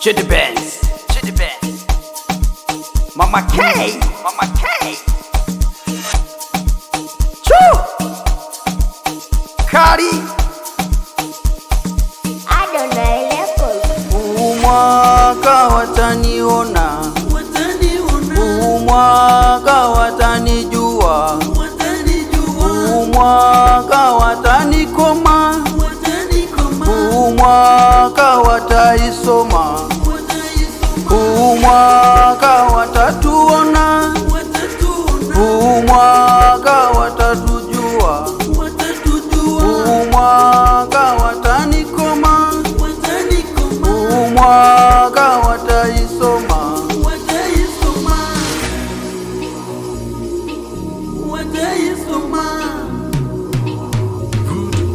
Chitty Benz. Chitty Benz. Mama K. Mama K. Choo. Kari. mwaka wataniona, mwaka watanijua, mwaka watanikoma, mwaka wataisoma huu mwaka watatuona, huu mwaka watatujua, huu mwaka watanikoma, huu mwaka wataisoma,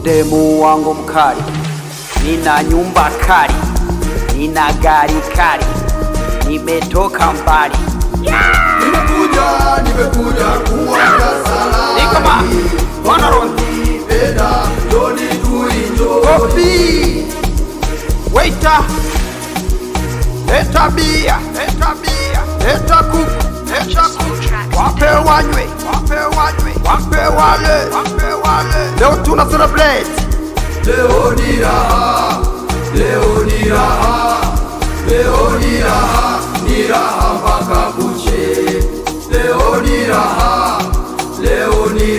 demu wangu mkali, nina nyumba kali, nina gari kali nimetoka mbali, nimekuja nimekuja kuaga sala Waiter, leta bia, leta bia, leta kuku, leta kuku, wape wanywe, wape wanywe, wape wale, wape wale. Leo tuna celebrate. Leo ni raha, leo ni raha, leo ni raha.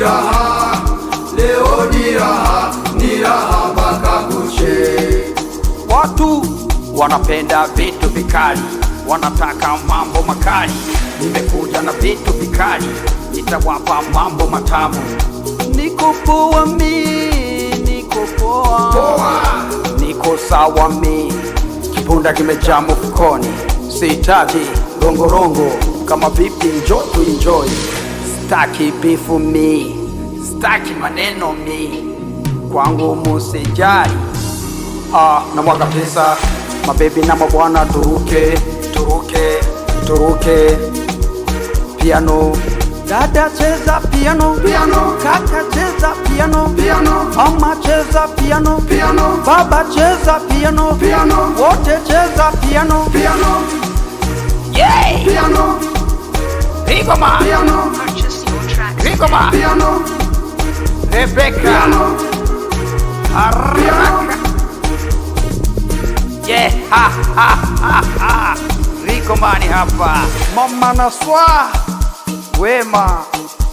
raha, leo ni raha, ni raha mpaka kuche. Watu wanapenda vitu vikali, wanataka mambo makali. Nimekuja na vitu vikali, nitawapa mambo matamu. Niko poa mi, niko poa poa, niko sawa mi, kipunda kimejaa mfukoni, sihitaji rongorongo. Kama vipi, njoo enjoy. Staki bifu mi, staki maneno mi, kwangu musijali. Ah, na mwaga pesa mabebi na mabwana, turuke turuke turuke. Piano dada cheza piano piano, kaka cheza piano piano, mama cheza piano piano, baba cheza piano piano, wote cheza piano piano, yeah piano, piano. Escobar, Rebecca, Araka, yeah, ha, ha, ha, ha. Niko hapa mama naswa wema